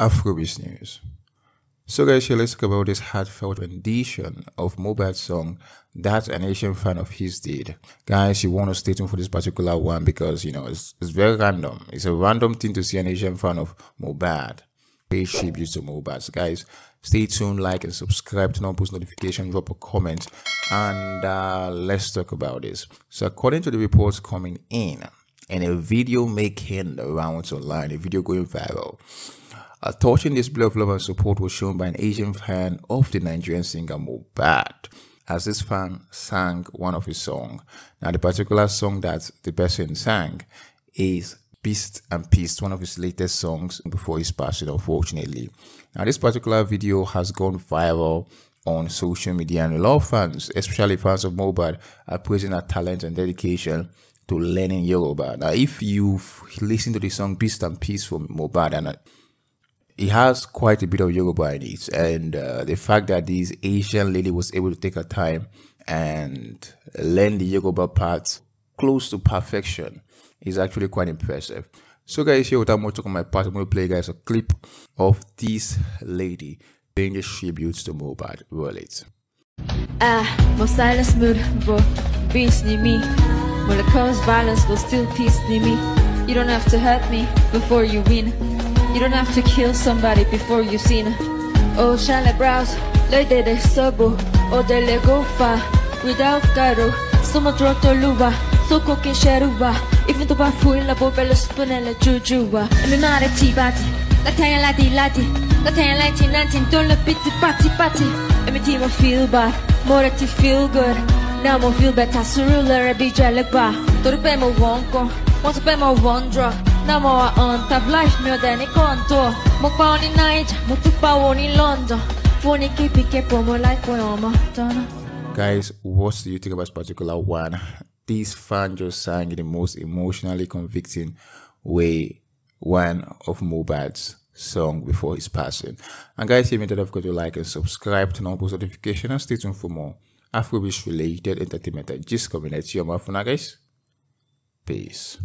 Afrobeat news. So guys, here let's talk about this heartfelt rendition of Mobad's song that an Asian fan of his did. Guys, you want to stay tuned for this particular one because, you know, it's, it's very random. It's a random thing to see an Asian fan of Mobad pay tribute to Mobad. So guys, stay tuned, like and subscribe, turn on post notification, drop a comment, and uh, let's talk about this. So according to the reports coming in, and a video making the rounds online, a video going viral, a touching display of love and support was shown by an Asian fan of the Nigerian singer Mobad as this fan sang one of his songs. Now, the particular song that the person sang is Beast and Peace, one of his latest songs before his passing, unfortunately. Now, this particular video has gone viral on social media, and a lot of fans, especially fans of Mobad, are praising her talent and dedication to learning Yoruba. Now, if you've listened to the song Beast and Peace from Mobad and he has quite a bit of yoga behind it, and uh, the fact that this Asian lady was able to take her time and learn the Yoruba part close to perfection is actually quite impressive. So guys, here without more talk on my part, I'm going to play guys a clip of this lady paying the tribute to mobile Wallet. Ah, my silence mood, but beats near me. When it comes violence, will still peace near me. You don't have to hurt me before you win. You don't have to kill somebody before you seen. Oh, shall I browse? Lady de sobo, o oh, de legofa, without caro, much dropped a luba, so cooking sheruba, even the bafu in la bobella spoon and la jujuba. And me mad at T-Batty, la tanya lati lati, la tanya lati nantin, don't la bitty patty patty. And me team feel bad, more to feel good. Now I feel better, so ruler, a big jelly Don't be my one want to be my one Guys, what do you think about this particular one? This fan just sang in the most emotionally convicting way one of Mobad's song before his passing. And guys, if you did, of course, like and subscribe, turn on post notification, and stay tuned for more Afrobeats related entertainment at Gist Community. I'm Afuna, guys. Peace.